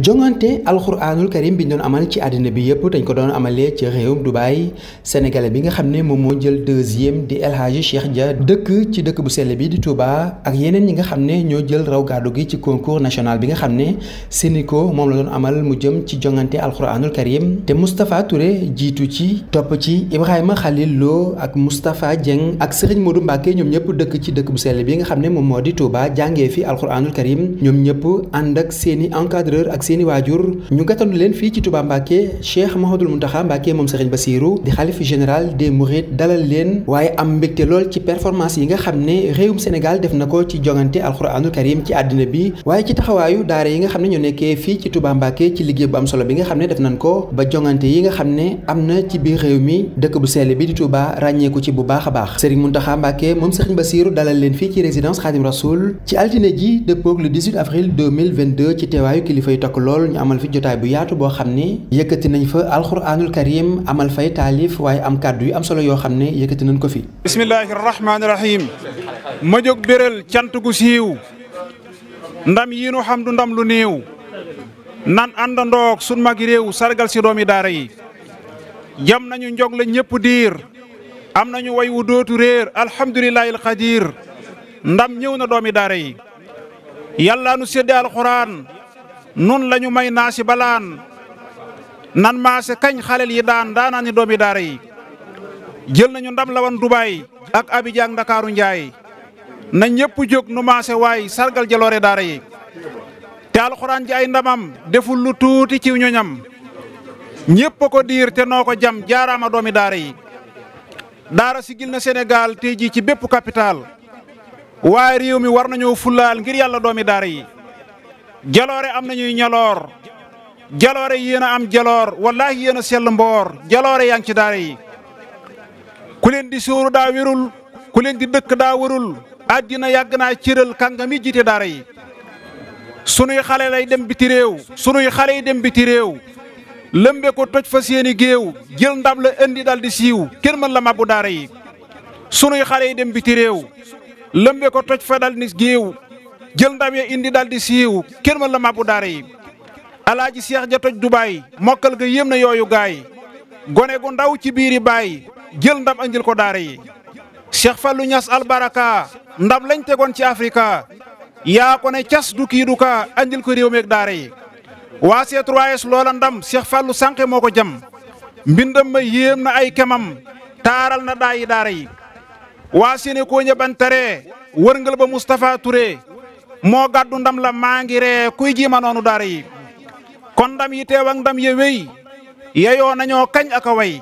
jongante alxuraanul karim bi ñu doon amal ci àddina bi yëpp dañ ko doon amalee ci réewum Dubaay sénégalais bi nga xam ne moom moo jël deuxième di El Hadji Cheikh Dia dëkk ci dëkk bu sell bi di Touba ak yeneen ñi nga xam ne ñoo jël raw gàddu gi ci concours national bi nga xam ne Sénico moom la doon amal mu jëm ci jongante alxuraanul karim te Moustapha ture jiitu ci topp ci Ibrahima Khalil Lo ak Moustapha Dieng ak Serigne Modou Mbacké ñoom ñëpp dëkk ci dëkk bu sell bi nga xam ne moom moo di Touba jàngee fi alxuraanul karim ñoom ñëpp ànd ak seeni encadreur seeni waajur ñu gàttandu leen fii ci Touba Mbacké Cheikh Mouhamadoul Mountakha Mbacké moom Serigne Bassirou di xalif général des Mourides dalal leen waaye am mbégte lool ci performance yi nga xam ne réewum Sénégal def na ko ci jongante alxuraanul karim ci àddina bi waaye ci taxawaayu daara yi nga xam ne ñoo nekkee fii ci Touba Mbacké ci liggéey bu am nga xam ne def nañ ko ba jongante yi nga xam ne am na ci biir réew mi dëkk bu sell bi di Touba ràññeeku ci bu baax a baax Serigne Mountakha Mbacké moom Serigne Bassirou dalal leen fii ci résidence Khadim Rasoul ci altine ji dëppoog le 18 avril 2022 ci teewaayu kilifa yu toog yokk lool ñu amal fi jotaay bu yaatu boo xam ne yëkkati nañ fa alxuraanul karim amal fay taalif waaye am kàddu yu am solo yoo xam ne yëkkati nañ ko fi bismillahi rahmaani rahim ma jóg béral cant gu siiw ndam yi nu xam du ndam lu néew nan àndandoog sun mag réew sargal si doomi daara yi jam nañu njog la ñëpp diir am nañu way wu dootu réer alhamdulilahi alqadir ndam ñëw na doomi daara yi yàlla nu sédde alxuraan nun lañu may naasi balaan nan maase kañ xalel yi daan daanaa ni doomi daara yi jël nañu ndam la wan Dubaay ak Abidjan Ndakaaru Njaay na ñëpp jóg nu maase waay sargal jaloore daara yi te alxuraan ji ay ndamam deful lu tuuti ci ñoñam ñëpp ko diir te noo ko jam jaaraama doomi daara yi daara sigil na Sénégal tey jii ci bépp capital waaye réew mi war nañoo fulaal ngir yàlla doomi daara yi jaloore am na ñuy ñaloor jaloore yéen am jaloor wallaahi yéena a sell mboor jaloore yaa ngi ci daara yi ku leen di suuru daa wérul ku di dëkk daa wérul àddina yàgg naa cëral kàngam yi jiite daara yi sunuy xale lay dem biti réew sunuy xale yi dem biti réew lëmbe ko toj fa seeni géew jël ndam la indi dal siiw kenn mën la mabbu daara yi sunuy xale yi dem biti réew lëmbe ko toj fa dal géew jël ndam ya indi daal di siiw kenn mën la mabbu daara yi alaaji seex ja toj dubaay mokkal ga yéem na yooyu gaay gone gu ndaw ci biiri baay jël ndam andil ko daara yi seex fallu ñas albaraka ndam lañ tegoon ci afrika yaa ko cas du kii du ka andil ko réew meeg daara yi waa c loola ndam seex fallu sànqe moo ko jam mbindam ma yéem na ay kemam taaral na daayi daara yi waa sene kooña bantare wërngal ba Moustapha Touré moo gàddu ndam la maa ngi kuy jiima noonu yi kon ndam yi teew ak ndam ya wéy yeyoo nañoo kañ ak a way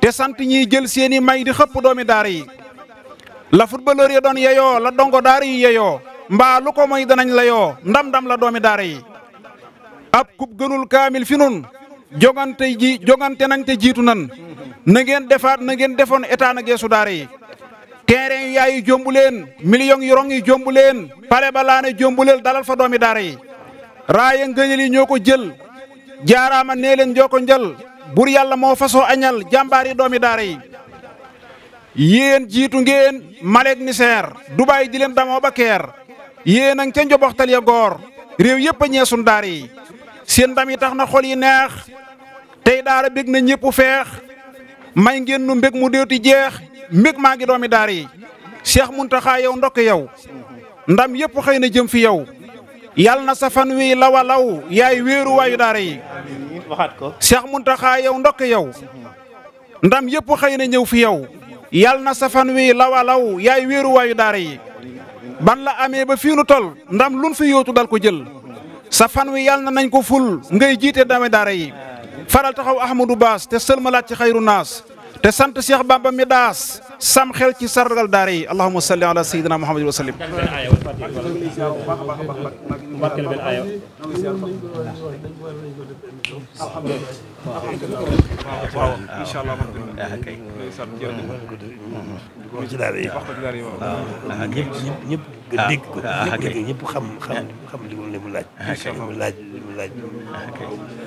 te sant ñiy jël seeni may di xëpp doomi daara yi la footballeur yi doon yeyoo la dongo daara yi yeyoo mbaa lu ko moy danañ la yoo ndam-ndam la doomi daara yi ab kub gënul kaamil fi nun jogante ji jogante nañ te jiitu nan na ngeen defaat na ngeen defoon état na geesu daara yi terrain yaay yi jombu leen millions yi rong yi jombu leen pale ba laana jombu dalal fa doomi daara yi raaya ngëñal yi ñoo ko jël jaaraama nee leen njoo ko njal bur yàlla moo fasoo añal jàmbaar doomi daara yi yéen jiitu ngeen Malek Niseer Dubaay di leen damoo ba keer yéen a ngi ca njoboxtal ya goor réew yëpp a ñeesun daara yi seen ndam yi tax na xol yi neex tey daara bég na ñëpp feex may ngeen nu mbég mu déeti jeex mbég maa ngi doomi daara yi Cheikh Muntaxa yow ndokk yow ndam yëpp xëy na jëm fi yow yàlla na sa fan wi law law yaay wéeru waayu daara yi waxaat ko Cheikh Muntaxa yow ndokk yow ndam yëpp xëy na ñëw fi yow yàlla na sa fan wi law a law yaay wéeru waayu daara yi ban la amee ba fii nu tol ndam lun fi yootu dal ko jël sa fan wi yàlla na nañ ko ful ngay jiite dame daara yi faral taxaw Ahmadou Baas te sëlmalaat ci xayru naas te sant Cheikh Bamba mi sam xel ci sargal daara yi allahumma salli ala muhammad wa sallim waaw incha allah kay ci daara yi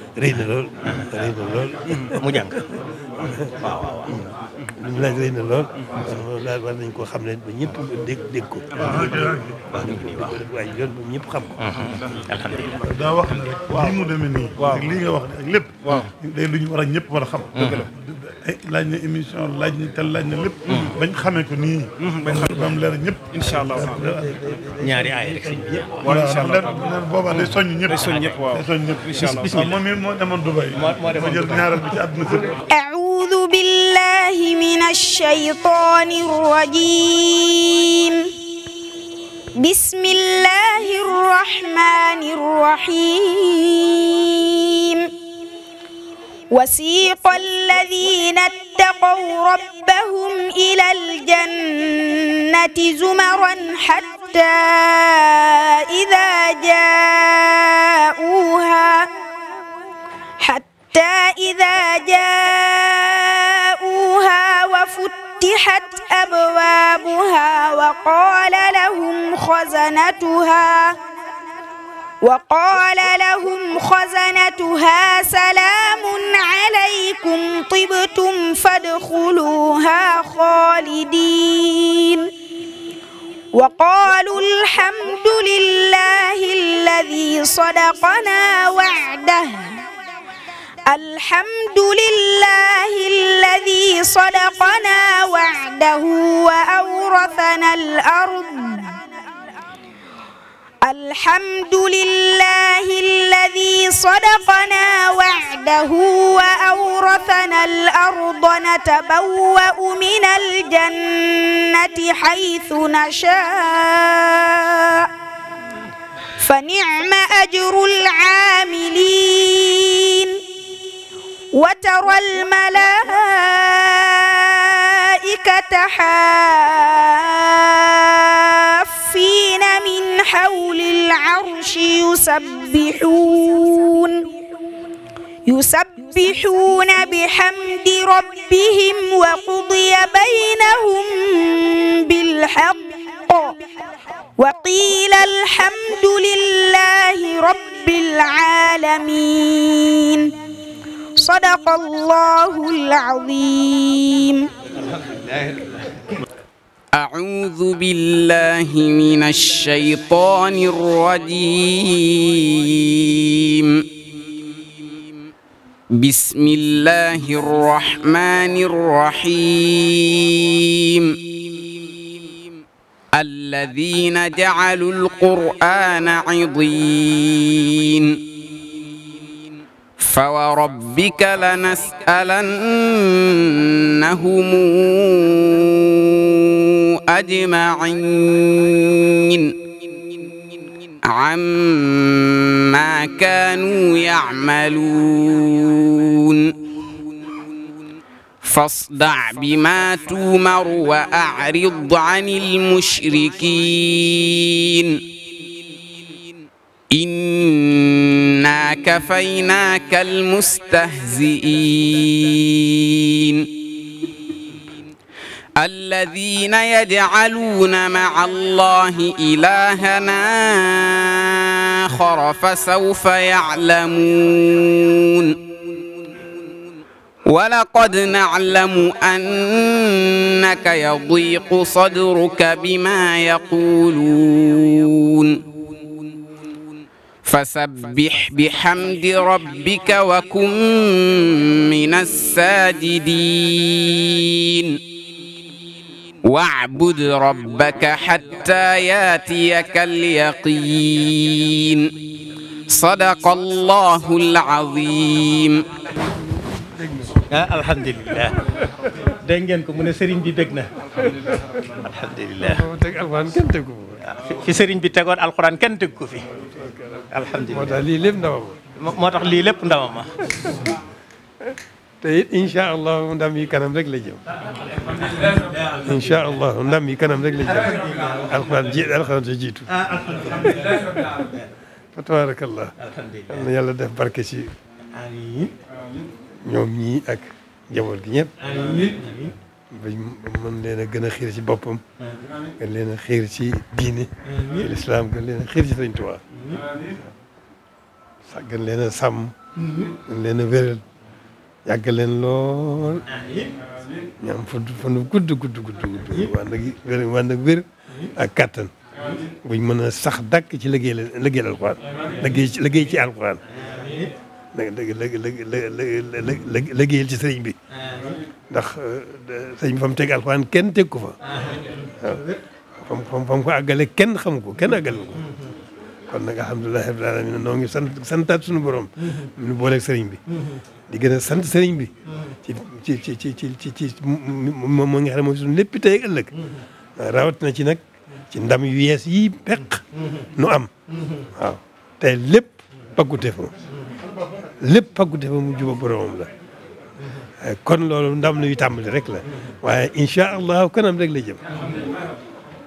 ñëpp lool mu jàng waaw waaw waaw. laaj lay na lool. daal war nañ ko xam ne ba ñëpp dégg dégg ko. wax ah, ah, dëgg nii waaw waaye yoon bu ñëpp xam ko. Mm-hmm. alhamdulilah. daa wax ne rek. waaw li mu demee nii. waaw li nga wax ak lépp. waaw day lu ñu war a ñëpp war a xam. Mm-hmm. dëgg la laaj na émission laaj na tel laaj na lépp. Mm-hmm. bañ xamee ko nii. bañ xamee ko moom leer ñëpp. incha allah ñaari aay rek sëñ bi. waaw incha allah leer boobaa day soññ ñëpp. day soññ ñëpp waaw day soññ ñëpp. incha allah moom it moo demoon Dubaï. moo moo demoon Dubaï ma jël ñaareel bi ci àdduna si. بالله من الشيطان الرجيم بسم الله الرحمن الرحيم وسيق الذين اتقوا ربهم إلى الجنة زمرا حتى إذا جاءوها حتى إذا جاءوها أبوابها وقال لهم خزنتها وقال لهم خزنتها سلام عليكم طبتم فادخلوها خالدين وقالوا الحمد لله الذي صدقنا وعده الحمد لله الذي صدقنا وعده وأورثنا الأرض الحمد لله الذي صدقنا وعده وأورثنا الأرض نتبوأ من الجنة حيث نشاء فنعم أجر العاملين وترى الملائكة حافين من حول العرش يسبحون يسبحون بحمد ربهم وقضي بينهم بالحق وقيل الحمد لله رب العالمين صدق الله العظيم أعوذ بالله من الشيطان الرجيم بسم الله الرحمن الرحيم الذين جعلوا القرآن عضين فوربك لنسألنهم أجمعين عما كانوا يعملون فاصدع بما تومر وأعرض عن المشركين إنا كفيناك المستهزئين الذين يجعلون مع الله إلهنا آخر فسوف يعلمون ولقد نعلم أنك يضيق صدرك بما يقولون فسبح بحمد ربك وكن من الساجدين واعبد ربك حتى ياتيك اليقين صدق الله العظيم آه، الحمد لله دنجنكم من سيرين بي دغنا الحمد لله في سرين بي تغور القران كنتكو في الحمد لله موتاخ لي لب نداما موتاخ ان شاء الله ندامي كانم ان شاء الله ندامي كانم رك لا جيم الحمد لله الحمد لله جيتو الحمد لله تبارك الله الحمد لله يلا ديف بركه سي امين نيوم ني اك جابول دي نيب من لنا غنا خير سي بوبم لنا خير سي ديني الاسلام قال لنا خير سي سنتوا امين sax gën leen a sàmm. gën leen a wéral yàggal leen lool. ñu gudd gudd gudd gudd. wàll gi wér wàll wér ak kattan. buñ mën a sax dàkk ci liggéey la liggéey la alxuraan liggéey ci liggéey ci alxuraan. liggéeyal ci sëriñ bi. ndax sëriñ bi fa mu teg alxuraan kenn teg ko fa. waaw fa ko àggale kenn xam ko kenn àggale ko. kon nag alhamdulilah rabbil noo ngi sant santaat suñu borom. ñu booleeg sëriñ bi. di gën a sant sëriñ bi. moo ngi xam ne mooy suñu lépp tey ak ëllëg. rawatina ci nag ci ndam yu yees yi peq. nu am. waaw tey lépp pàggute fa lépp pàggute mu juba boromam la. kon loolu ndam la yu tàmbali rek la waaye incha allah kanam rek la jëm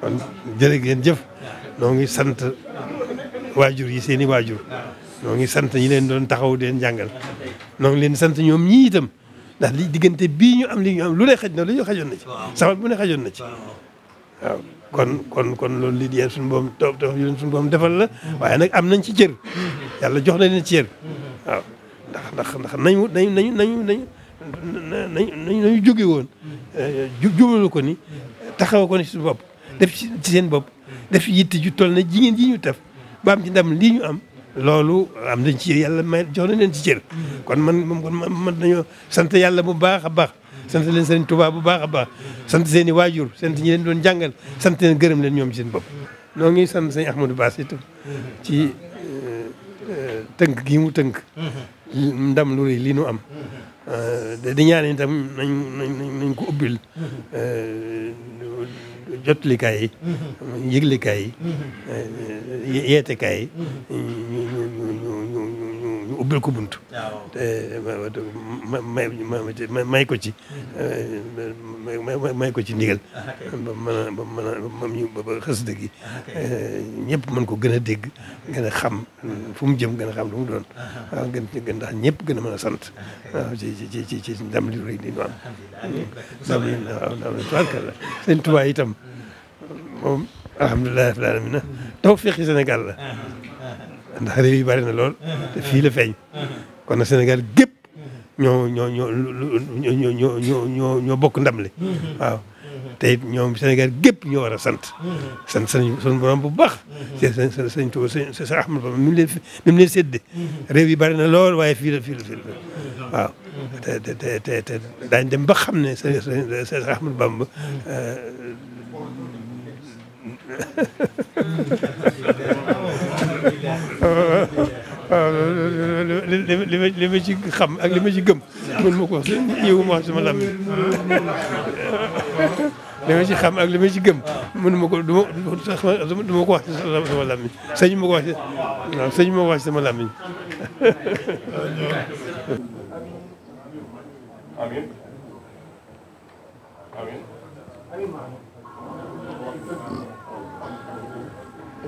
kon jërë noo ngi sant. waajur yi seeni i waajur noo ngi sant yi leen doon taxaw di leen jàngal noo leen sant ñoom ñii itam ndax li diggante bii ñu am lii ñu am lu lay xaj na lu ñu xajoon na ci saxal bu ne xajoon na ci waaw kon kon kon loolu li di suñu boom toog toog leen suñu boom defal la waaye nag am nañ ci cër yàlla jox na ci cër waaw ndax ndax ndax nañu nañu nañu nañu nañu nañu nañu jóge woon eh, jubalu ko ni taxaw ko ni suñu bopp def ci seen bopp def yitte ju toll na jigéen ji ñu taf ba am ci ndam lii ñu am loolu am nañ ci yàlla may jox nañ leen ci cër kon man moom kon man dañoo bu baax a baax sant leen sëriñ Tuubaa bu baax a baax sant seen i waajur sant ñi leen doon jàngal sant leen gërëm leen ñoom ci seen bopp noo ngi sant sëñ Ahmadou Bass itam ci euh, euh, mu tënk ndam lu rëy lii nu am euh, di ñaan itam nañ nañ nañ ko ubbil jotlikaay yi. yëglikaay yi. Mm-hmm. Eh, yeetekaay yi. Mm-hmm. ñu ubbil ko bunt. may ko ci. Mm-hmm. Eh, may ko ci ndigal. Ah, ba mën ba mën a ba xës dëgg ah, eh, ñëpp mën ko gën a dégg. gën a xam fu mu jëm gën a xam lu doon. Ah, gën ci gën ñëpp gën a mën a sant. ci ci ci ci ndam li rëy di ñu am. ndam li waaw ndam li tubaarkalla seen tubaay itam. moom alhamdulilah rabbil aalamiina tawféexi Sénégal la ndax réew yi bari na lool te fii la feeñ kon nag Sénégal ñoo bokk ndam li waaw te it ñoom Sénégal gépp ñoo war a sant sant bu baax seen seen seen sëñ Tuuba seen seen Ahmad Bamba ni mu leen ni mu lool waaye fii la fii la fii la waaw te te li li ma ci xam ak li ci gëm. mën ma ko wax yëngu li ma ci xam ak li gëm mën ma ko du ma du ma ko wax ci sama lam sëñ ma ko wax